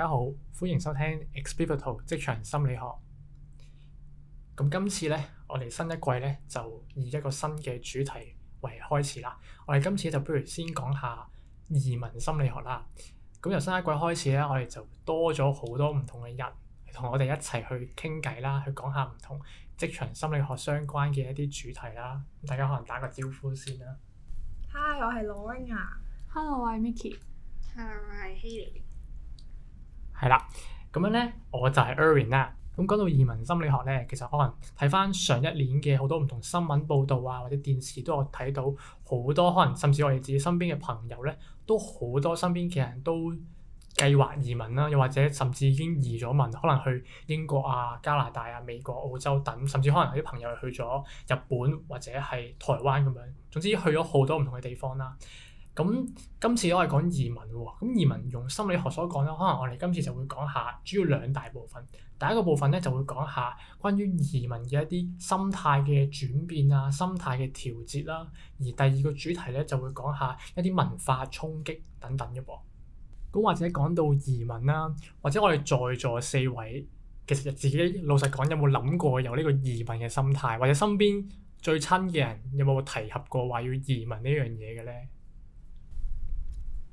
大家好，歡迎收聽 Experito 職場心理學。咁今次咧，我哋新一季咧就以一個新嘅主題為開始啦。我哋今次就不如先講下移民心理學啦。咁由新一季開始咧，我哋就多咗好多唔同嘅人同我哋一齊去傾偈啦，去講下唔同職場心理學相關嘅一啲主題啦。大家可能打個招呼先啦。Hi，我係 Loring 啊。Hello，我係 Mickey。Hello，我係 Haley。係啦，咁樣咧，我就係 Erin 啦。咁講到移民心理學咧，其實可能睇返上一年嘅好多唔同新聞報導啊，或者電視都有睇到好多，可能甚至我哋自己身邊嘅朋友咧，都好多身邊嘅人都計劃移民啦、啊，又或者甚至已經移咗民，可能去英國啊、加拿大啊、美國、啊、澳洲等，甚至可能有啲朋友去咗日本或者係台灣咁樣，總之去咗好多唔同嘅地方啦、啊。咁今次我係講移民喎，咁移民用心理學所講咧，可能我哋今次就會講下主要兩大部分。第一個部分咧就會講下關於移民嘅一啲心態嘅轉變啊，心態嘅調節啦。而第二個主題咧就會講下一啲文化衝擊等等嘅噃。咁或者講到移民啦，或者我哋在座四位其實自己老實講有冇諗過有呢個移民嘅心態，或者身邊最親嘅人有冇提及過話要移民呢樣嘢嘅咧？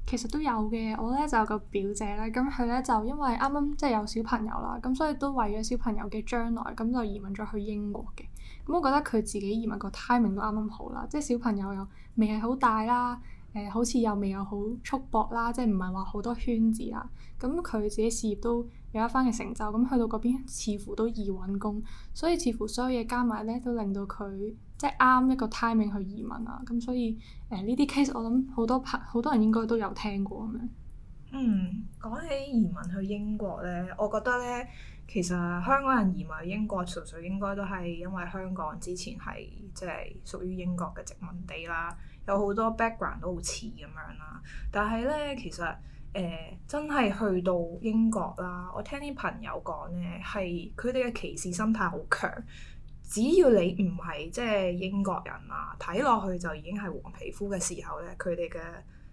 其實都有嘅，我咧就有個表姐啦，咁佢咧就因為啱啱即係有小朋友啦，咁所以都為咗小朋友嘅將來，咁就移民咗去英國嘅。咁我覺得佢自己移民個 timing 都啱啱好啦，即係小朋友又未係呃好大啦，誒好似又未有好束縛啦，即係唔係話好多圈子啦，咁佢自己事業都有一番嘅成就，咁去到嗰邊似乎都易揾工，所以似乎所有嘢加埋咧，都令到佢即係啱一個 timing 去移民啦。咁所以誒呢啲 case 我諗好多好多人應該都有聽過咁樣。嗯，講起移民去英國咧，我覺得咧其實香港人移民去英國，純粹應該都係因為香港之前係即係屬於英國嘅殖民地啦，有好多 background 都好似咁樣啦。但係咧其實。誒、呃，真係去到英國啦！我聽啲朋友講呢，係佢哋嘅歧視心態好強。只要你唔係即係英國人啊，睇落去就已經係黃皮膚嘅時候呢，佢哋嘅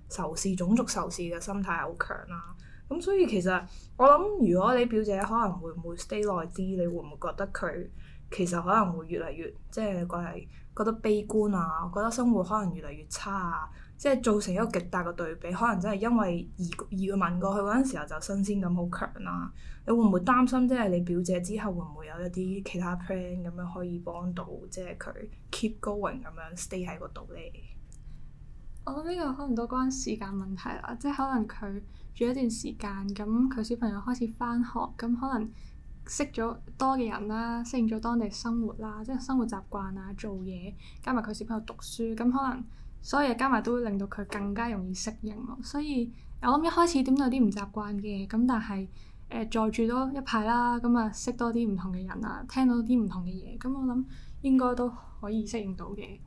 仇視種族仇視嘅心態好強啦、啊。咁所以其實我諗，如果你表姐可能會唔會 stay 耐啲，你會唔會覺得佢其實可能會越嚟越，即係覺得覺得悲觀啊，覺得生活可能越嚟越差啊？即係造成一個極大嘅對比，可能真係因為移移民過去嗰陣時候就新鮮感好強啦。你會唔會擔心即係你表姐之後會唔會有一啲其他 plan 咁樣可以幫到即係佢 keep going 咁樣 stay 喺嗰度呢？我諗呢個可能都關時間問題啦，即係可能佢住一段時間，咁佢小朋友開始返學，咁可能識咗多嘅人啦，適應咗當地生活啦，即係生活習慣啊、做嘢，加埋佢小朋友讀書，咁可能。所以加埋都會令到佢更加容易適應咯。所以我諗一開始點有啲唔習慣嘅咁，但係誒再住多一排啦，咁啊識多啲唔同嘅人啊，聽到啲唔同嘅嘢，咁我諗應該都可以適應到嘅。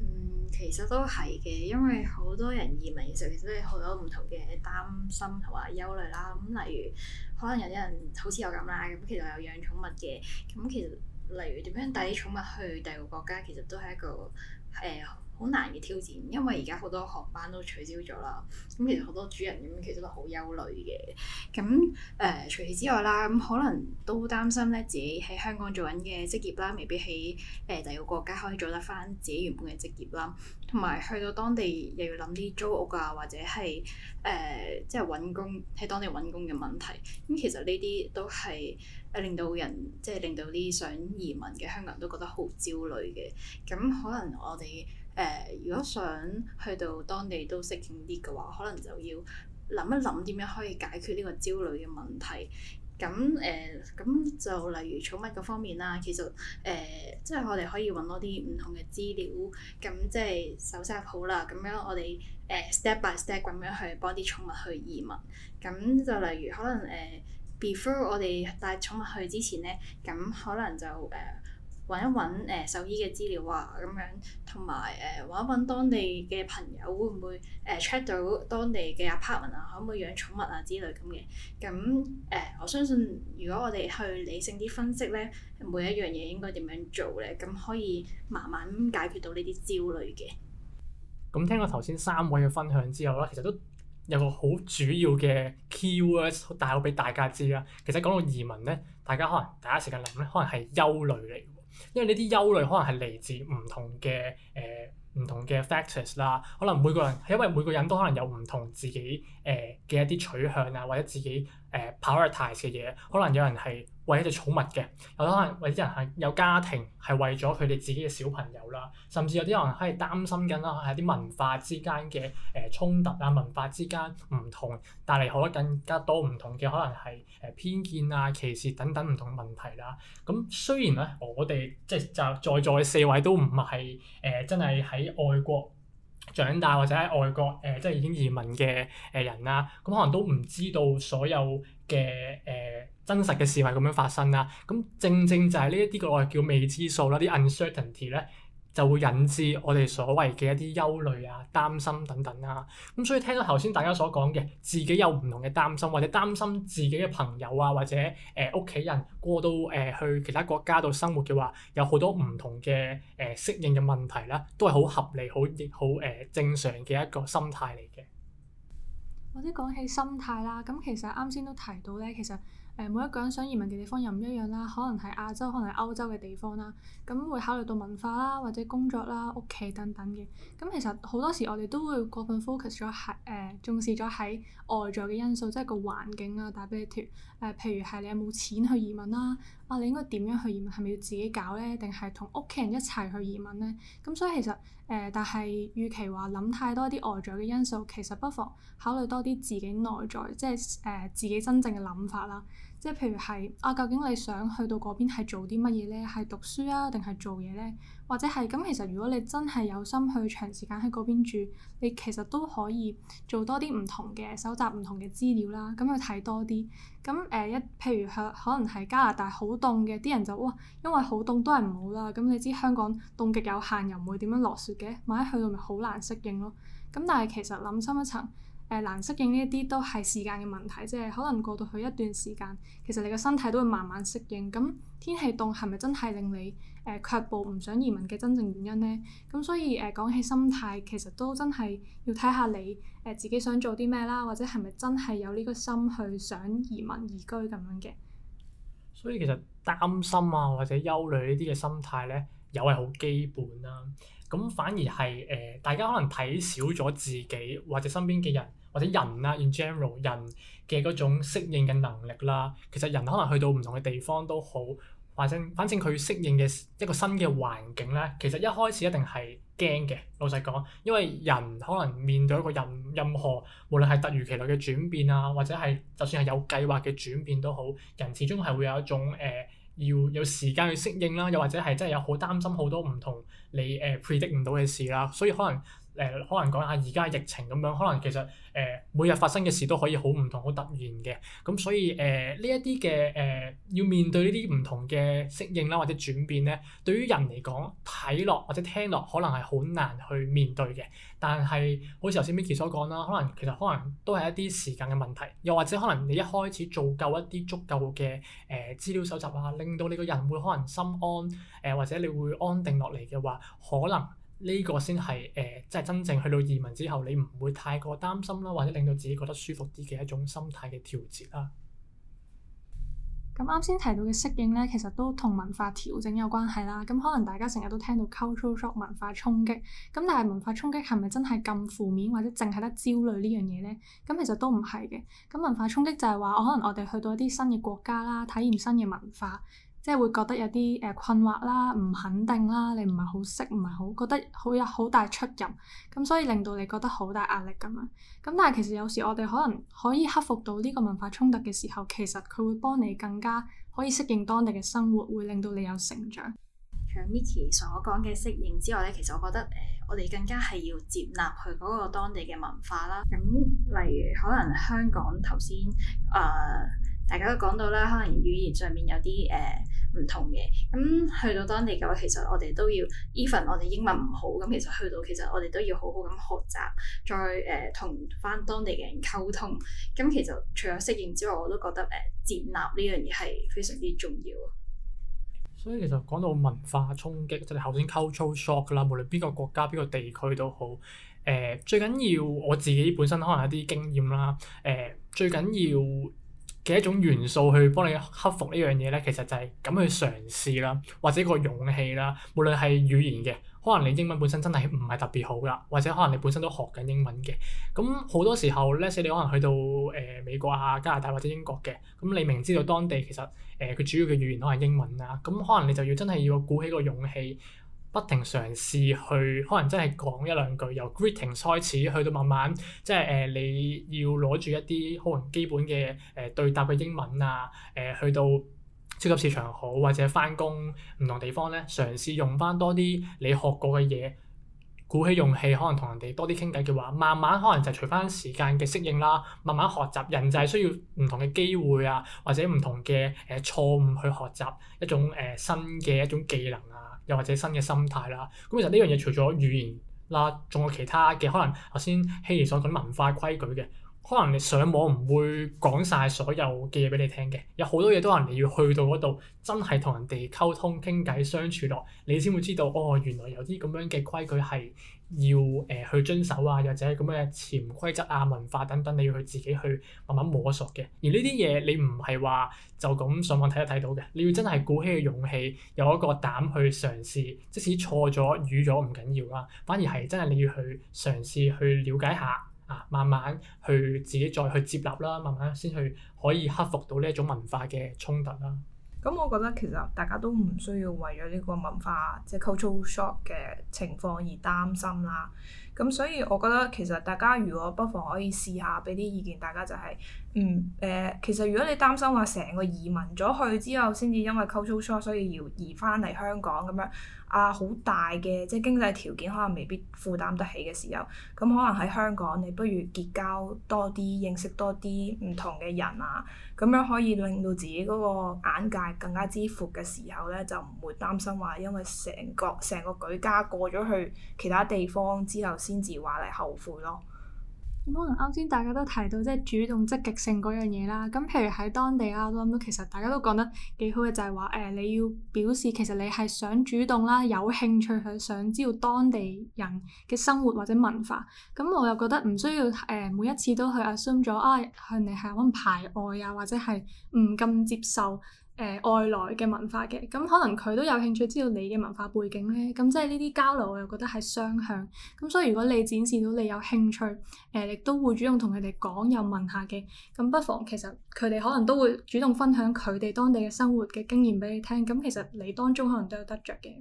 嗯，其實都係嘅，因為好多人移民嘅時候其實都有好多唔同嘅擔心同埋憂慮啦。咁例如可能有啲人好似我咁啦，咁其實有養寵物嘅，咁其實例如點樣帶啲寵物去第二個國家，其實都係一個誒、呃好難嘅挑戰，因為而家好多航班都取消咗啦。咁其實好多主人咁樣，其實都好憂慮嘅。咁誒、呃，除此之外啦，咁可能都擔心咧，自己喺香港做緊嘅職業啦，未必喺誒、呃、第二個國家可以做得返自己原本嘅職業啦。同埋去到當地又要諗啲租屋啊，或者係誒即係揾工喺當地揾工嘅問題。咁其實呢啲都係誒令到人即係、就是、令到啲想移民嘅香港人都覺得好焦慮嘅。咁可能我哋。誒、呃，如果想去到當地都適應啲嘅話，可能就要諗一諗點樣可以解決呢個焦慮嘅問題。咁誒，咁、呃、就例如寵物嗰方面啦，其實誒，即、呃、係、就是、我哋可以揾多啲唔同嘅資料，咁即係手冊好啦，咁樣我哋誒、呃、step by step 咁樣去幫啲寵物去移民。咁就例如可能誒、呃，before 我哋帶寵物去之前咧，咁可能就誒、呃揾一揾誒獸醫嘅資料啊，咁樣同埋誒揾一揾當地嘅朋友會會，會唔會誒 check 到當地嘅 apartment 啊，可唔可以養寵物啊之類咁嘅？咁誒、呃，我相信如果我哋去理性啲分析咧，每一樣嘢應該點樣做咧，咁可以慢慢解決到呢啲焦慮嘅。咁、嗯、聽過頭先三位嘅分享之後咧，其實都有個好主要嘅 keywords 帶好俾大家知啦。其實講到移民咧，大家可能第一時間諗咧，可能係憂慮嚟。因為呢啲憂慮可能係嚟自唔同嘅誒唔同嘅 factors 啦，可能每個人係因為每個人都可能有唔同自己誒嘅、呃、一啲取向啊，或者自己。誒、呃、prioritize 嘅嘢，可能有人係為一隻寵物嘅，有可能為啲人係有家庭係為咗佢哋自己嘅小朋友啦，甚至有啲人係擔心緊啦，係啲文化之間嘅誒衝突啊，文化之間唔同帶嚟好多更加多唔同嘅可能係誒偏見啊、歧視等等唔同問題啦。咁雖然咧，我哋即係在在座嘅四位都唔係誒真係喺外國。長大或者喺外國誒、呃，即係已經移民嘅誒人啦，咁、呃、可能都唔知道所有嘅誒、呃、真實嘅事係咁樣發生啦。咁、呃、正正就係呢一啲個我係叫未知數啦，啲 uncertainty 咧。就會引致我哋所謂嘅一啲憂慮啊、擔心等等啊，咁所以聽到頭先大家所講嘅，自己有唔同嘅擔心，或者擔心自己嘅朋友啊，或者誒屋企人過到誒、呃、去其他國家度生活嘅話，有好多唔同嘅誒、呃、適應嘅問題啦，都係好合理、好好誒正常嘅一個心態嚟嘅。或者講起心態啦，咁其實啱先都提到咧，其實。誒每一個人想移民嘅地方又唔一樣啦，可能係亞洲，可能係歐洲嘅地方啦，咁會考慮到文化啦，或者工作啦、屋企等等嘅。咁其實好多時我哋都會過分 focus 咗喺誒、呃、重視咗喺外在嘅因素，即係個環境啊，大不列，誒譬如係你有冇錢去移民啦。啊、你應該點樣去移民？係咪要自己搞咧，定係同屋企人一齊去移民咧？咁所以其實誒、呃，但係與其話諗太多啲外在嘅因素，其實不妨考慮多啲自己內在，即係誒、呃、自己真正嘅諗法啦。即係譬如係啊，究竟你想去到嗰邊係做啲乜嘢咧？係讀書啊，定係做嘢咧？或者係咁，其實如果你真係有心去長時間喺嗰邊住，你其實都可以做多啲唔同嘅搜集，唔同嘅資料啦。咁去睇多啲。咁誒一，譬如可能係加拿大好凍嘅，啲人就哇，因為好凍都係唔好啦。咁你知香港凍極有限，又唔會點樣落雪嘅，萬一去到咪好難適應咯。咁但係其實諗深一層。誒難適應呢一啲都係時間嘅問題，即係可能過到去一段時間，其實你個身體都會慢慢適應。咁天氣凍係咪真係令你誒卻步唔想移民嘅真正原因呢？咁所以誒講起心態，其實都真係要睇下你誒自己想做啲咩啦，或者係咪真係有呢個心去想移民移居咁樣嘅。所以其實擔心啊或者憂慮呢啲嘅心態呢，又係好基本啦、啊。咁反而係誒、呃，大家可能睇少咗自己或者身邊嘅人，或者人啦，in general 人嘅嗰種適應嘅能力啦。其實人可能去到唔同嘅地方都好，反正反正佢適應嘅一個新嘅環境咧，其實一開始一定係驚嘅。老實講，因為人可能面對一個任任何，無論係突如其來嘅轉變啊，或者係就算係有計劃嘅轉變都好，人始終係會有一種誒、呃要有時間去適應啦，又或者係真係有好擔心，好多唔同你誒 predict 唔到嘅事啦，所以可能。誒可能講下而家疫情咁樣，可能其實誒、呃、每日發生嘅事都可以好唔同、好突然嘅。咁所以誒呢一啲嘅誒要面對呢啲唔同嘅適應啦或者轉變咧，對於人嚟講睇落或者聽落可能係好難去面對嘅。但係好似頭先 Micky 所講啦，可能其實可能都係一啲時間嘅問題，又或者可能你一開始做夠一啲足夠嘅誒資料搜集啊，令到你個人會可能心安誒、呃、或者你會安定落嚟嘅話，可能。呢個先係誒，即、呃、係真正去到移民之後，你唔會太過擔心啦，或者令到自己覺得舒服啲嘅一種心態嘅調節啦。咁啱先提到嘅適應呢，其實都同文化調整有關係啦。咁可能大家成日都聽到 culture shock 文化衝擊，咁但係文化衝擊係咪真係咁負面或者淨係得焦慮呢樣嘢呢？咁其實都唔係嘅。咁文化衝擊就係話，我可能我哋去到一啲新嘅國家啦，體驗新嘅文化。即係會覺得有啲誒困惑啦，唔肯定啦，你唔係好識，唔係好覺得好有好大出入，咁所以令到你覺得好大壓力㗎嘛。咁但係其實有時我哋可能可以克服到呢個文化衝突嘅時候，其實佢會幫你更加可以適應當地嘅生活，會令到你有成長。除咗 Mickey 所講嘅適應之外咧，其實我覺得誒，我哋更加係要接納佢嗰個當地嘅文化啦。咁例如可能香港頭先誒。大家都講到啦，可能語言上面有啲誒唔同嘅，咁去到當地嘅話，其實我哋都要 even 我哋英文唔好，咁其實去到其實我哋都要好好咁學習，再誒同返當地嘅人溝通。咁其實除咗適應之外，我都覺得誒接、呃、納呢樣嘢係非常之重要。所以其實講到文化衝擊即係頭先 culture shock 啦，無論邊個國家邊個地區都好。誒、呃、最緊要我自己本身可能有啲經驗啦。誒、呃、最緊要。嘅一種元素去幫你克服呢樣嘢咧，其實就係咁去嘗試啦，或者個勇氣啦。無論係語言嘅，可能你英文本身真係唔係特別好啦，或者可能你本身都學緊英文嘅。咁好多時候呢，即你可能去到誒美國啊、加拿大或者英國嘅，咁你明知道當地其實誒佢、呃、主要嘅語言都係英文啦，咁可能你就要真係要鼓起個勇氣。不停嘗試去，可能真係講一兩句，由 greeting 開始，去到慢慢，即係誒、呃、你要攞住一啲可能基本嘅誒、呃、對答嘅英文啊，誒、呃、去到超級市場好，或者返工唔同地方咧，嘗試用返多啲你學過嘅嘢，鼓起勇氣，可能同人哋多啲傾偈嘅話，慢慢可能就係隨返時間嘅適應啦，慢慢學習，人就係需要唔同嘅機會啊，或者唔同嘅誒、呃、錯誤去學習一種誒、呃、新嘅一種技能。又或者新嘅心態啦，咁其實呢樣嘢除咗語言啦，仲有其他嘅可能。頭先希兒所講文化規矩嘅。可能你上網唔會講晒所有嘅嘢俾你聽嘅，有好多嘢都係人哋要去到嗰度，真係同人哋溝通傾偈相處落，你先會知道哦。原來有啲咁樣嘅規矩係要誒、呃、去遵守啊，或者咁嘅潛規則啊、文化等等，你要去自己去慢慢摸索嘅。而呢啲嘢你唔係話就咁上網睇一睇到嘅，你要真係鼓起個勇氣，有一個膽去嘗試。即使錯咗、瘀咗唔緊要啦，反而係真係你要去嘗試去了解下。啊，慢慢去自己再去接納啦，慢慢先去可以克服到呢一種文化嘅衝突啦。咁我覺得其實大家都唔需要為咗呢個文化即係 cultural shock 嘅情況而擔心啦。咁所以我覺得其實大家如果不妨可以試下俾啲意見，大家就係。嗯，誒、呃，其實如果你擔心話成個移民咗去之後，先至因為溝通差，所以要移翻嚟香港咁樣，啊，好大嘅，即係經濟條件可能未必負擔得起嘅時候，咁可能喺香港你不如結交多啲，認識多啲唔同嘅人啊，咁樣可以令到自己嗰個眼界更加之闊嘅時候呢，就唔會擔心話因為成個成個舉家過咗去其他地方之後，先至話你後悔咯。可能啱先大家都提到即係主動積極性嗰樣嘢啦，咁譬如喺當地啊，我都諗到其實大家都講得幾好嘅，就係話誒你要表示其實你係想主動啦，有興趣去想知道當地人嘅生活或者文化，咁我又覺得唔需要誒、呃、每一次都去 assume 咗啊，向你係可能排外啊，或者係唔咁接受，誒、呃、外來嘅文化嘅，咁可能佢都有興趣知道你嘅文化背景咧，咁即係呢啲交流，我又覺得係雙向。咁所以如果你展示到你有興趣，誒、呃、亦都會主動同佢哋講又問下嘅，咁不妨其實佢哋可能都會主動分享佢哋當地嘅生活嘅經驗俾你聽。咁其實你當中可能都有得着嘅。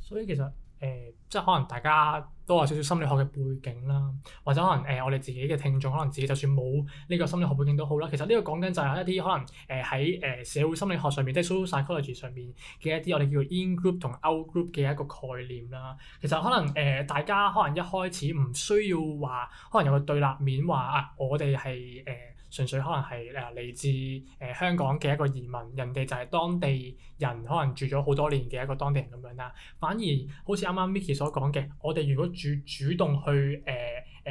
所以其實。誒、呃，即係可能大家都有少少心理學嘅背景啦，或者可能誒、呃，我哋自己嘅聽眾，可能自己就算冇呢個心理學背景都好啦。其實呢個講緊就係一啲可能誒喺誒社會心理學上面，即係 social psychology 上面嘅一啲我哋叫做 in group 同埋 out group 嘅一個概念啦。其實可能誒、呃，大家可能一開始唔需要話，可能有個對立面話啊，我哋係誒。呃純粹可能係誒嚟自誒香港嘅一個移民，人哋就係當地人，可能住咗好多年嘅一個當地人咁樣啦。反而好似啱啱 Micky 所講嘅，我哋如果主主動去誒誒、呃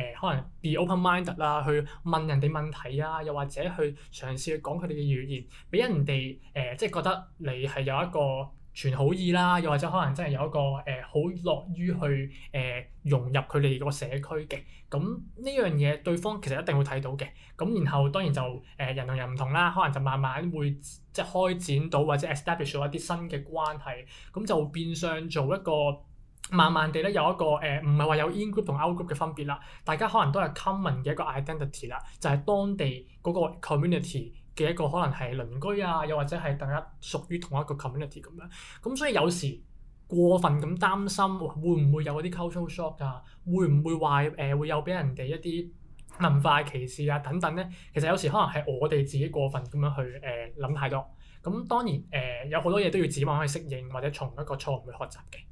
呃，可能 be open-minded 啦，去問人哋問題啊，又或者去嘗試去講佢哋嘅語言，俾人哋誒、呃、即係覺得你係有一個。.全好意啦，又或者可能真係有一個誒好、呃、樂於去誒、呃、融入佢哋個社區嘅，咁呢樣嘢對方其實一定會睇到嘅。咁然後當然就誒、呃、人同人唔同啦，可能就慢慢會即係開展到或者 establish 咗一啲新嘅關係，咁就變相做一個慢慢地咧有一個誒唔係話有 in group 同 out group 嘅分別啦，大家可能都係 common 嘅一個 identity 啦，就係、是、當地嗰個 community。嘅一個可能係鄰居啊，又或者係大家屬於同一個 community 咁樣，咁所以有時過分咁擔心，會唔會有嗰啲 cultural shock 啊？會唔會話誒、呃、會有俾人哋一啲文化歧視啊等等咧？其實有時可能係我哋自己過分咁樣去誒諗、呃、太多，咁當然誒、呃、有好多嘢都要指望去適應，或者從一個錯誤去學習嘅。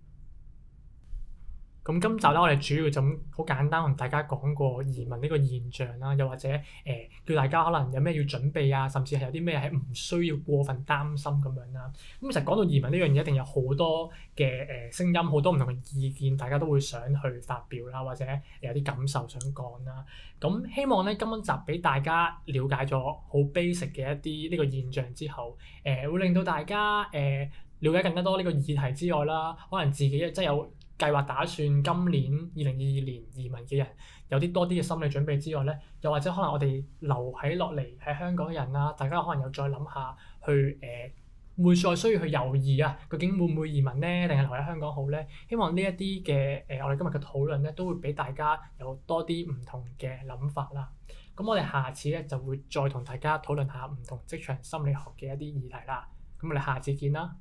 咁今集咧，我哋主要就好簡單同大家講過移民呢個現象啦，又或者誒、呃，叫大家可能有咩要準備啊，甚至係有啲咩係唔需要過分擔心咁樣啦。咁其實講到移民呢樣嘢，一定有好多嘅誒聲音，好多唔同嘅意見，大家都會想去發表啦，或者有啲感受想講啦。咁、呃、希望咧，今集俾大家了解咗好 basic 嘅一啲呢個現象之後，誒、呃、會令到大家誒瞭、呃、解更加多呢個議題之外啦，可能自己真係有計劃打算今年二零二二年移民嘅人，有啲多啲嘅心理準備之外咧，又或者可能我哋留喺落嚟喺香港人啦、啊，大家可能又再諗下去誒、呃，會再需要去猶豫啊，究竟會唔會移民咧，定係留喺香港好咧？希望呢一啲嘅誒，我哋今日嘅討論咧，都會俾大家有多啲唔同嘅諗法啦。咁我哋下次咧就會再同大家討論下唔同職場心理學嘅一啲議題啦。咁我哋下次見啦，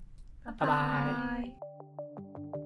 拜拜。